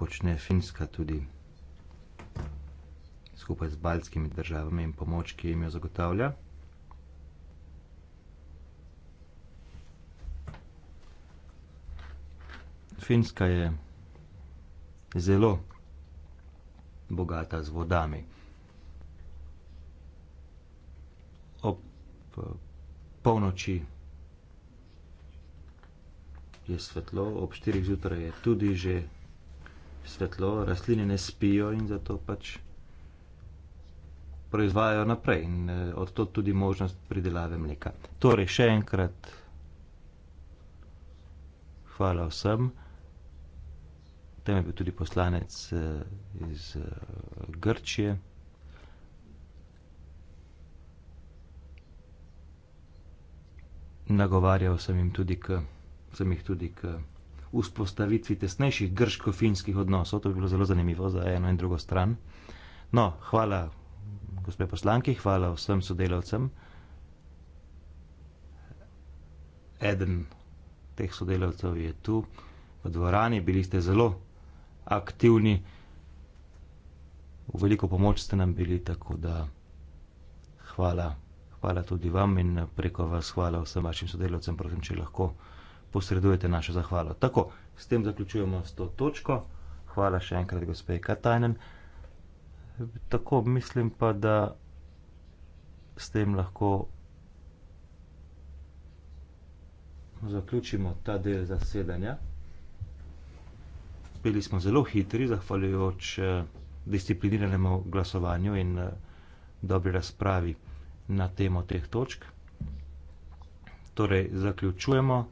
počne Finska tudi skupaj z baljskimi državami in pomoč, ki jim jo zagotavlja. Finska je zelo bogata z vodami. Eh, polnoči je svetlo, ob štirih zjutraj je tudi že svetlo, rastline ne spijo in zato pač proizvajajo naprej in eh, od to tudi možnost pridelave mleka. Torej, še enkrat hvala vsem. Tam je bil tudi poslanec eh, iz Grčije. nagovarjal sem jih tudi k, jih tudi k vzpostavitvi tesnejših grško-finskih odnosov. To bi bilo zelo zanimivo za eno in drugo stran. No, hvala gospe poslanki, hvala vsem sodelavcem. Eden teh sodelavcev je tu v dvorani, bili ste zelo aktivni, v veliko pomoč ste nam bili, tako da hvala hvala tudi vam in preko vas hvala vsem vašim sodelovcem, prosim, če lahko posredujete našo zahvalo. Tako, s tem zaključujemo s to točko. Hvala še enkrat, gospe Katajnen. Tako, mislim pa, da s tem lahko zaključimo ta del zasedanja. Bili smo zelo hitri, zahvaljujoč eh, discipliniranemu glasovanju in eh, dobri razpravi na temo teh točk. Torej, zaključujemo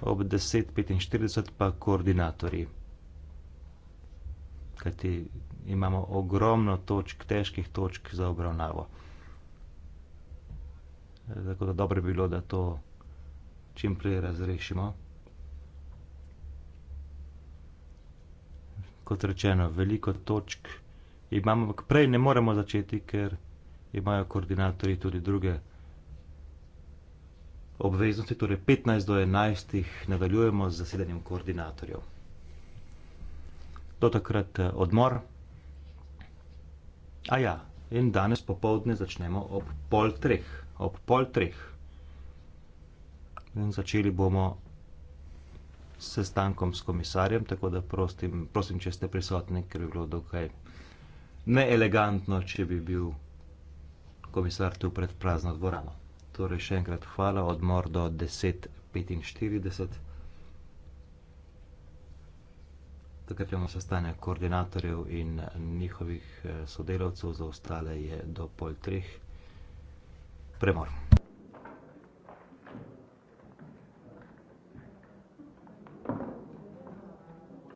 ob 10.45 pa koordinatorji. Kajti imamo ogromno točk, težkih točk za obravnavo. Tako da dobro bi bilo, da to čim prej razrešimo. Kot rečeno, veliko točk imamo, ampak prej ne moremo začeti, ker imajo koordinatorji tudi druge obveznosti, torej 15 do 11 nadaljujemo z zasedanjem koordinatorjev. Do takrat eh, odmor. A ja, in danes popovdne začnemo ob pol treh. Ob pol treh. In začeli bomo s stankom s komisarjem, tako da prosim, prosim, če ste prisotni, ker je bilo dokaj neelegantno, če bi bil komisar komisar tu pred prazno dvorano. Torej, še enkrat hvala, odmor do 10:45. Takrat imamo sestanje koordinatorjev in njihovih eh, sodelavcev, za ostale je do pol treh. Premor.